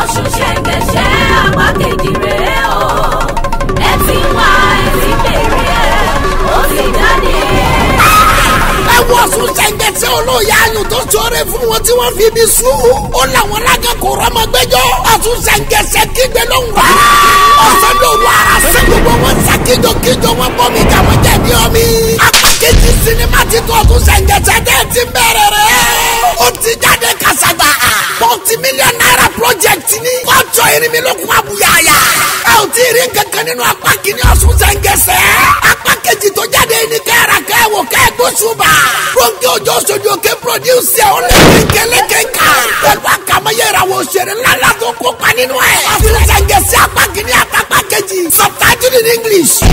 ọ̀ṣun ṣẹ̀ǹgẹ̀ṣẹ̀ apá kejì rèé o ẹ ti wá ẹ ti bèrè ẹ ó sì jáde. ẹ wọ ọ̀ṣun ṣẹ̀ǹgẹ̀ṣẹ̀ olóyè ayùn tó sọ̀rọ̀ fi bí sùn ó làwọn lágàkọ̀ rọmọgbẹ́jọ́ ọ̀ṣun ṣẹ̀ǹgẹ̀ṣẹ̀ kígbe ló ń wá ọ̀sán ló wà á sí gbogbo wọn sá kíjokíjo wọn bọ́ mi jà omi apá kejì sinimá ti tó ọ̀ṣun mílíọ̀n náírà project ni. kọ́ńtọ̀ irinmi ló kún abuyaya. ẹ ò tí ì rí kankan nínú apá kìíní ọ̀sùn sẹ́ńgẹ̀sẹ̀. apá kejì tó jáde ní kẹ́ra kẹ́wò kẹ́gbósùbà. bronchi ojo sojo ke produce ẹ̀ ọ̀lẹ́ kékeré kan. pẹ̀lú àkàmọ́yẹ̀rẹ̀ àwọn òṣèré ńlá látó kópa nínú ẹ̀. ọ̀sùn sẹ́ńgẹ̀sẹ̀ apá kìíní apá kejì. subtitled in English.